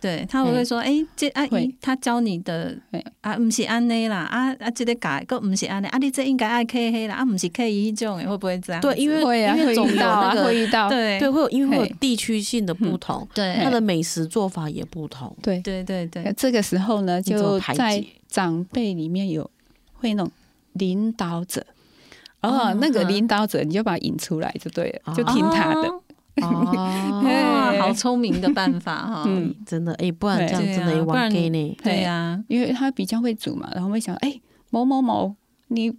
對他會不會說：“哎、嗯，這阿姨，他教你的啊，不是安內啦，啊啊，這個改，哥不是安內，啊，你這應該愛 K 黑啦，啊，不是 K 一這種的，會不會這樣？”對，因為因為總、啊 文啊、 有那個，對對，會有因為會有地區性的不同、嗯，對，他的美食做法也不同，嗯、對對對、嗯、對。這個時候呢，就就在長輩裡面有會弄領導者，哦、嗯，那個領導者你就把他引出來就對了，哦、就聽他的。哦，哇 、哦，好聰明的辦法哈、 嗯嗯！真的，哎、欸，不然這樣真的也完蛋呢。對呀、啊啊，因為他比較會煮嘛，然後會想，哎、欸，某某某，你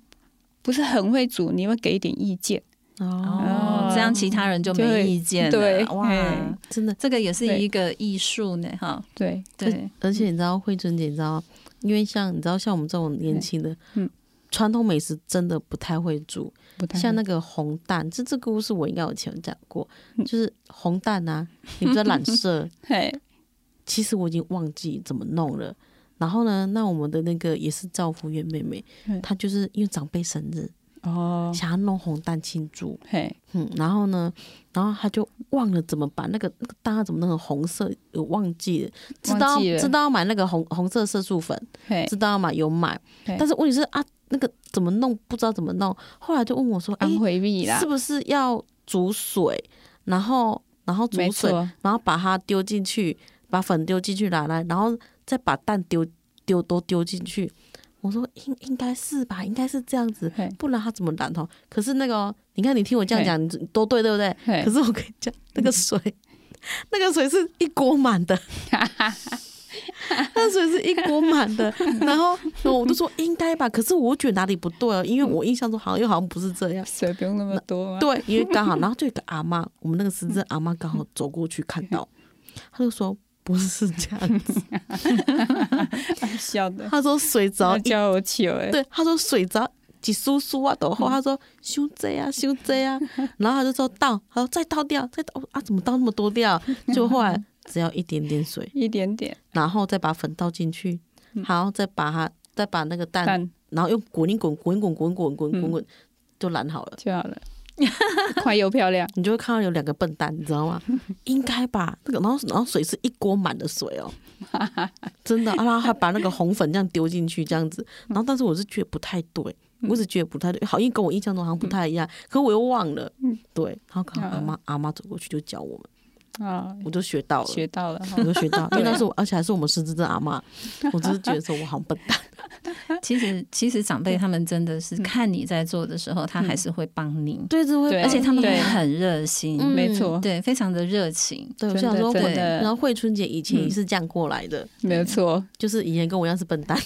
不是很會煮，你會給一點意見哦,哦，這樣其他人就沒意見了。對，對哇、欸，真的，這個也是一個藝術呢，哈。對對，而且你知道惠春姐，你知道，因為像你知道，像我們這種年輕的，嗯，傳統美食真的不太會煮。像那個紅蛋，這這個故事我應該有前講過， 就是紅蛋啊，有不知染色。嘿， 其實我已經忘記怎麼弄了。然後呢，那我們的那個也是照服員妹妹， 她就是因為長輩生日哦，想要弄紅蛋慶祝。嘿， 嗯，然後呢，然後她就忘了怎麼把那個那個蛋怎麼弄紅色，我忘，忘記了。知道知道要買那個紅紅色色素粉， 知道要買有買， 但是問題是啊。那個怎麼弄，不知道怎麼弄，後來就問我說：“安徽蜜、欸、是不是要煮水，然後然後煮水，然後把它丟進去，把粉丟進去，拿來，然後再把蛋丟丟都丟進去？”我說：“應應該是吧，應該是這樣子，不然它怎麼染頭？”可是那個，你看你聽我這樣講，你都對對不對？可是我跟你講，那個水、嗯，那個水是一鍋滿的。 那水是一鍋滿的，然後，我都說應該吧， 可是我覺得哪裡不對哦、啊，因為我印象中好像又好像不是這樣，水不用那麼多啊對，因為剛好，然後就有一個阿嬤， 我們那個深圳阿嬤剛好走過去看到，他 就說不是這樣子，笑，， 笑的，他說水着叫我去、欸、對，他說水着幾叔叔啊都喝，他說兄弟啊兄弟啊，然後他就說倒，他說再倒掉，再倒啊，怎麼倒那麼多掉？就後來。只要一點點水，一點點，然後再把粉倒進去，好、嗯，然後再把它，再把那個蛋，蛋然後又滾，滾，滾一滾滾滾滾滾滾、嗯、滾，滾就染好了，就好了，快又漂亮。你就會看到有兩個笨蛋，你知道嗎？ 應該吧。那個，然後，然後水是一鍋滿的水哦， 真的。然後還把那個紅粉這樣丟進去，這樣子。然後，但是我是覺得不太對，嗯、我是覺得不太對，好像跟我印象中好像不太一樣。嗯、可我又忘了，嗯，對。然後看阿、啊、媽，阿、啊、媽走過去就教我們。啊！我都學到了，學到了，我都學到。 因為我，而且還是我們失智的阿媽。我只是覺得說我好笨蛋。 其實，其實長輩他們真的是看你在做的時候、嗯，他還是會幫你。對，而且他們也很熱心，沒錯、嗯，對，非常的熱情、嗯。對，的我對，對。然後惠春姐以前也是這樣過來的，嗯、沒錯，就是以前跟我一樣是笨蛋。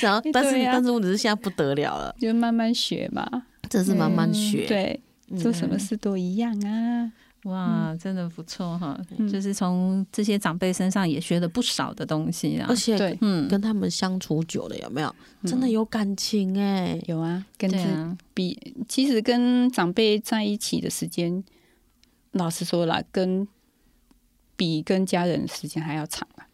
然後，但是、 啊，但是我只是現在不得了了，就慢慢學嘛。真、嗯、是慢慢學，對，嗯、做什麼事都一樣啊。哇，真的不錯哈，嗯嗯！就是從這些長輩身上也學了不少的東西啊。而且，嗯，跟他們相處久了，有沒有？真的有感情哎，欸嗯，有啊，跟啊比，其實跟長輩在一起的時間，老實說啦，跟比跟家人的時間還要長啊。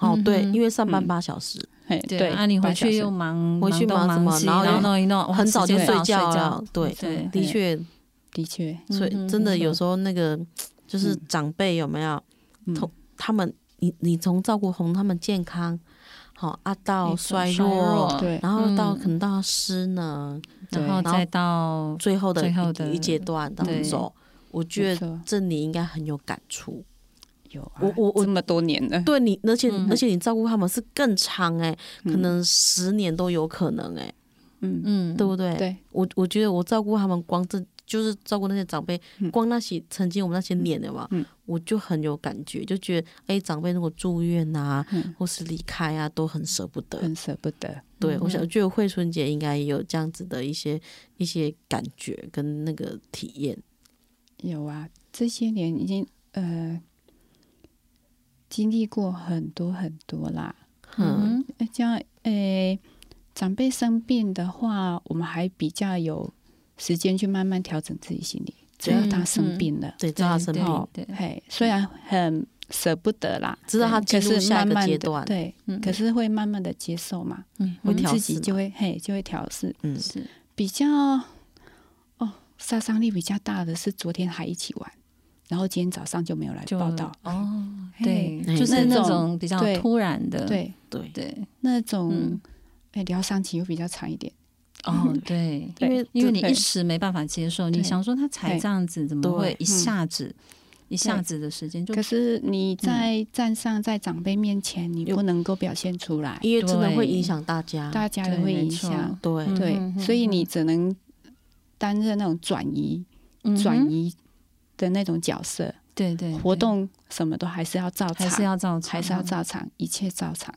嗯，哦，對，嗯，因為上班八小時，哎，嗯，對，那、啊、你回去又忙回去忙什麼？然後又弄一弄，很早就睡覺了對，對，對，對，對，的確。的確，所以真的有時候那個就是長輩有沒有，同、嗯、他們、嗯、他們你你從照顧紅他們健康好啊到衰弱，衰弱，對，然後到、嗯、可能到失能然後再到最後的最後的一階段當中，我覺得這你應該很有感觸。有，我我我這麼多年的，對你，而且、嗯、而且你照顧他們是更長哎、欸嗯，可能十年都有可能哎、欸，嗯嗯，對不對？對，我我覺得我照顧他們光這。就是照顧那些長輩，光那些曾經我們那些年的嘛、嗯嗯，我就很有感覺，就覺得哎、欸，長輩如果住院啊，嗯、或是離開啊，都很捨不得，很捨不得。對，嗯、我想，我覺得惠春姐應該也有這樣子的一些一些感覺跟那個體驗。有啊，這些年已經呃經歷過很多很多啦。嗯，像、嗯、誒、欸、長輩生病的話，我們還比較有時間去慢慢調整自己心理，只要他生病了，嗯嗯、對，只要他生病對對對對，嘿，雖然很捨不得啦，知道他下一個階段可是慢慢的，對、嗯，可是會慢慢的接受嘛，嗯，我、嗯、們自己就會嘿、嗯嗯嗯，就會調試，嗯，是比較哦，殺傷力比較大的是昨天還一起玩，然後今天早上就沒有來報道哦，對、嗯，就是那種比較突然的，對，對，對，那種哎，療、嗯、傷、欸、期又比較長一點。哦，對， 對，因為因為你一時沒辦法接受，你想說他才這樣子，怎麼會一下子一下子、嗯、一下子的時間就？可是你、嗯、在站上在長輩面前，你不能夠表現出來，因為真的會影響大家，大家都會影響。對對、嗯哼哼哼，所以你只能擔任那種轉移、嗯、轉移的那種角色。對對，對對，活動什麼都還是要照常，還是要照常，還是要照常，嗯、一切照常。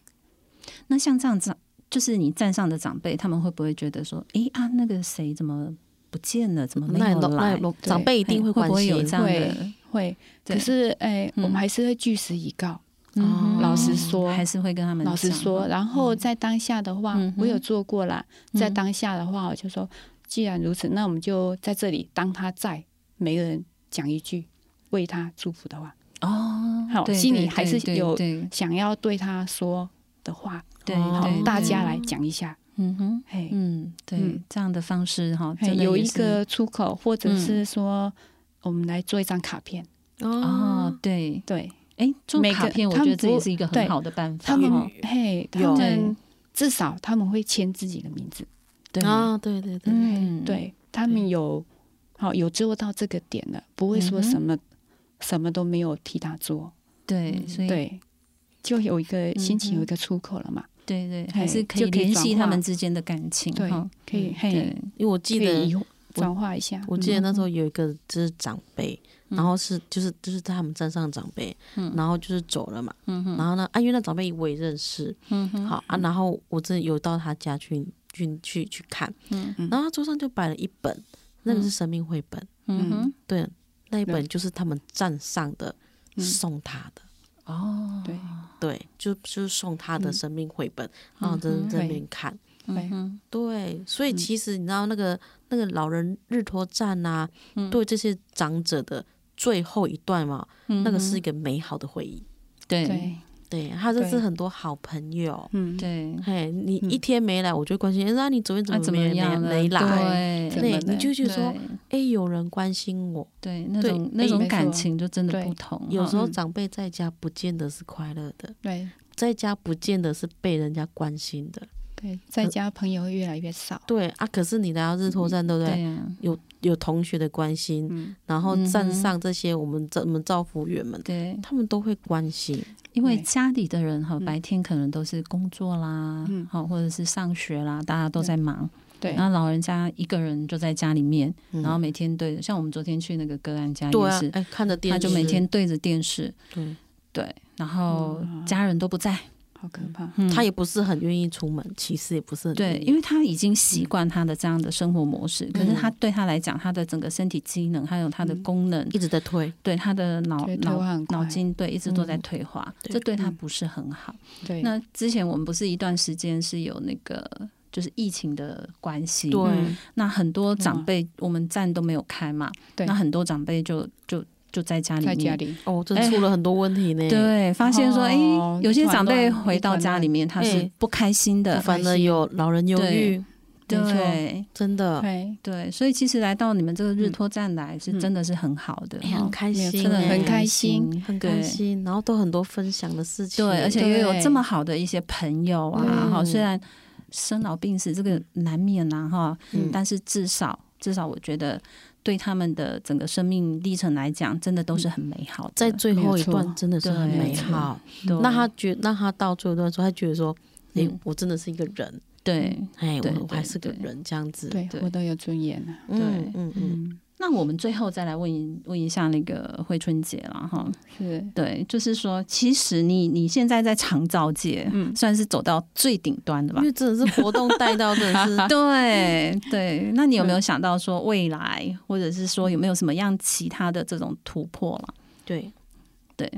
那像這樣子。就是你站上的長輩，他們會不會覺得說，哎啊，那個誰怎麼不見了，怎麼沒有來，長輩一定會關心，對，有這樣的？會。會。對可是，哎、嗯，我們還是會據實以告、嗯。老實說，還是會跟他們老實說。然後在當下的話，嗯、我有做過啦。在當下的話，我就說、嗯，既然如此，那我們就在這裡當他在，每個人講一句為他祝福的話。哦，好對對對對對對，心裡還是有想要對他說的話。對，好，對對對大家來講一下。嗯哼，嘿，嗯，對，嗯、這樣的方式哈，有一個出口，或者是說，嗯、我們來做一張卡片、嗯。哦，對對，哎、欸，做卡片，我覺得這也是一個很好的辦法。他們，他們，嘿，他們至少他們會簽自己的名字。對、哦、對、對、對對對，嗯、對、對、對他們有，好、哦、有做到這個點了，不會說什麼、嗯、什麼都沒有替他做。對，嗯、所以對，就有一個、嗯、心情有一個出口了嘛。對對，還是可以聯繫他們之間的感情。對，可以。對，因為我記得轉化一下我。我記得那時候有一個就是長輩，嗯、然後是就是就是在他們站上長輩、嗯，然後就是走了嘛、嗯。然後呢，啊，因為那長輩我也認識。嗯、好啊，然後我真的有到他家去去去去看、嗯。然後他桌上就擺了一本，嗯、那個是生命繪本、嗯。對，那一本就是他們站上的、嗯、送他的。哦，對對，就就是送他的生命繪本、嗯，然後真的在這邊看、嗯，對對對，對，所以其實你知道那個、嗯、那個老人日托站吶，對這些長者的最後一段嘛、啊、嗯，那個是一個美好的回憶，嗯、對。對對他就是很多好朋友，嗯，對，嘿，你一天沒來，我就關心，那、欸、你昨天怎麼沒沒、啊、沒來？對，對你就去說，哎、欸，有人關心我，對，那種對那種感情就真的不同。欸、有時候長輩在家不見得是快樂的，對，在家不見得是被人家關心的。對，在家朋友會越來越少。嗯、對啊，可是你來到日托站，對不對？嗯，對啊、有有同學的關心、嗯，然後站上這些我們怎麼、嗯、照服員們，對他們都會關心。因為家裡的人哈，白天可能都是工作啦，好、嗯、或者是上學啦，大家都在忙。對，那老人家一個人就在家裡面，然後每天對着，像我們昨天去那個個案家也是，哎、啊，看着電視，他就每天對着電視，對對，然後家人都不在。嗯啊好可怕、嗯，他也不是很願意出門，其實也不是很對，因為他已經習慣他的這樣的生活模式。嗯、可是他對他來講，他的整個身體機能還有他的功能、嗯、一直在退，對，他的腦腦腦筋對一直都在退化、嗯，這對他不是很好。對，那之前我們不是一段時間是有那個就是疫情的關係，對，那很多長輩我們站都沒有開嘛，對，那很多長輩就就。就就在家裡面在家裡哦，真的出了很多問題呢、欸。對，發現說，哎、哦欸，有些長輩回到家裡面，他是不開心的，反、欸、而有老人憂鬱、欸。對，對真的對，對，所以其實來到你們這個日托站來，是真的是很好的、嗯嗯喔欸，很開心，真的很開心，很開心，很開心，然後都很多分享的事情。對，而且又有這麼好的一些朋友啊，哈、嗯，雖然生老病死這個難免吶、啊，哈、嗯，但是至少至少，我覺得。對他們的整個生命歷程來講，真的都是很美好、嗯，在最後一段真的是很美好。那他覺，那他到最後的時候，他覺得說：“哎、欸嗯，我真的是一個人，對，哎、欸，我還是個人，這樣子，對，對，對我都有尊嚴了。”對，嗯嗯。嗯那我們最後再來問一問一下那個惠春姐了哈，對，就是說，其實你你現在在長照界，嗯，算是走到最頂端的吧，因為這是活動帶到的是 對對。那你有沒有想到說未來、嗯，或者是說有沒有什麼樣其他的這種突破了？對對、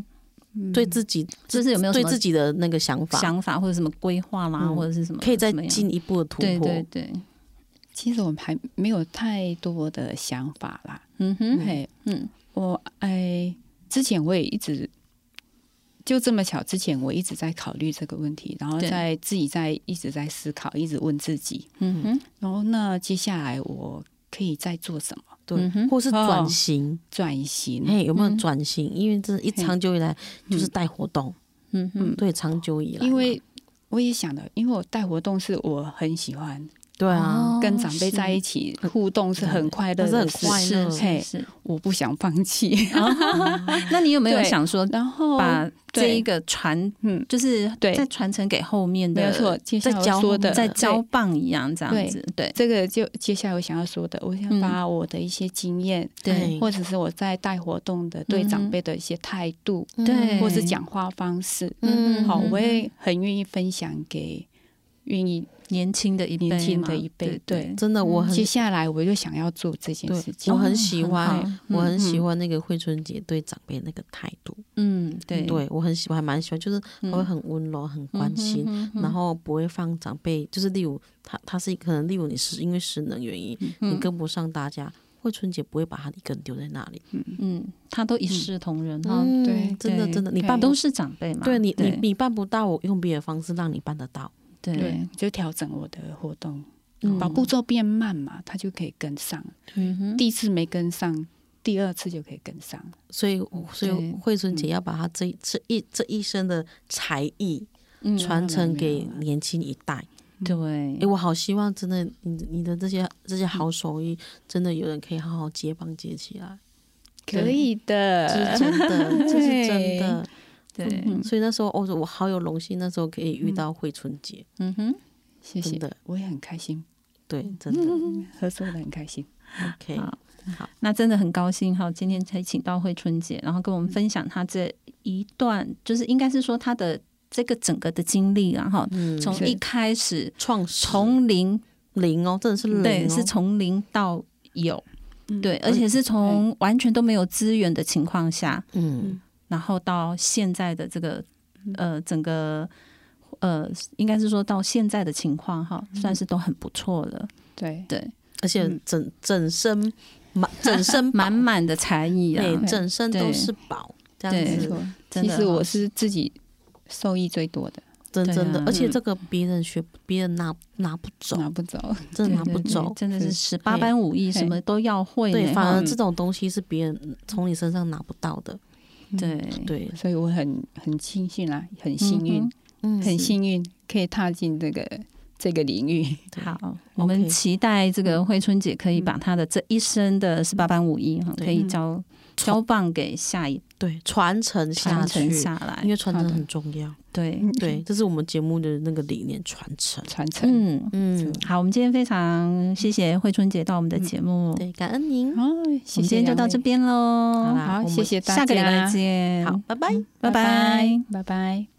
嗯，對自己就是有沒有對自己的那個想法想法或者什麼規劃啦，嗯、或者是什麼可以再進一步的突破？對對，對。其實我們還沒有太多的想法啦。嗯哼，嘿、嗯，嗯，我哎、欸，之前我也一直就這麼巧，之前我一直在考慮這個問題，然後在自己在一直在思考，一直問自己。嗯哼，然後那接下來我可以再做什麼？對，或是轉型？轉型，型？嘿，有沒有轉型、嗯？因為這一長久以來就是帶活動，嗯。嗯哼，對，長久以來，因為我也想了，因為我帶活動是我很喜歡。對啊，哦、跟長輩在一起互動是很快樂，是很快樂。是，是，是我不想放棄、哦。 哦哦、 那你有沒有想說，然後把這一個傳，嗯，就是對再傳承給後面的，沒錯，接下來說的，在交棒一樣這樣子對。對，這個就接下來我想要說的，我想把我的一些經驗、嗯，對，或者是我在帶活動的、嗯、對長輩的一些態度，對，或者是講話方式，嗯哼，好，我也很願意分享給願意年輕的一年輕的一輩，一對，對，對，真的我很，我、嗯、接下來我就想要做這件事情。我很喜歡，很，我很喜歡那個惠春姐對長輩那個態度。嗯，對，嗯、對我很喜歡，蠻喜歡，就是他會很溫柔、嗯，很關心、嗯哼哼哼哼，然後不會放長輩。就是例如他，他是可能例如你是因為失能原因、嗯，你跟不上大家，惠春姐不會把他一個人丟在那裡。嗯，他都一視同仁啊、嗯嗯。對，真的真的，你辦都是長輩嘛。對，對，對你，你你辦不到，我用別的方式讓你辦得到。對，就調整我的活動，嗯、把步驟變慢嘛，他、嗯、就可以跟上、嗯。第一次沒跟上，第二次就可以跟上。所以，所以惠春姐要把她這這一、嗯、這、一這一生的才藝傳承給年輕一代。嗯欸、對，哎，我好希望真的你，你你的這些這些好手藝，真的有人可以好好接棒接起來。可以的，這是真的，這是真的。 對、嗯，所以那時候，哦、我好有榮幸，那時候可以遇到惠春姐、嗯。嗯哼，謝謝真的，我也很開心。對，真的、嗯、合作的很開心。OK，好，嗯、那真的很高興哈，今天才請到惠春姐，然後跟我們分享她這一段，嗯、就是應該是說她的這個整個的經歷，然後從一開始創始，從、嗯、零零哦，真的是零、哦、對，是從零到有、嗯，對，而且是從完全都沒有資源的情況下，嗯。嗯然後到現在的這個，呃，整個呃，應該是說到現在的情況哈，算是都很不錯的。對對，而且整整身滿 整身滿保滿 的才藝，啊，對，整身都是寶。這樣子對真的，其實我是自己受益最多的，真真的、啊。而且這個別人學，別、嗯、人拿拿不走，拿不走，真的拿不走，對對對真的是十八般武藝，什麼都要會。對，反而這種東西是別人從你身上拿不到的。嗯對、嗯、對，所以我很很慶幸啦，很幸運，嗯，嗯，很幸運可以踏進這個這個領域。好， 我們期待這個惠春姐可以把她的這一生的十八般武藝哈、嗯，可以交交、嗯、棒給下一，對，傳承傳承下來，因為傳承很重要。對、嗯、對，這是我們節目的那個理念，傳承傳承。嗯嗯，好，我們今天非常謝謝惠春姐到我們的節目，嗯、對，感恩您。好、哦，我們今天就到這邊嘍。好，好謝謝大家，下個禮拜見。好，拜拜，拜拜，拜拜。Bye bye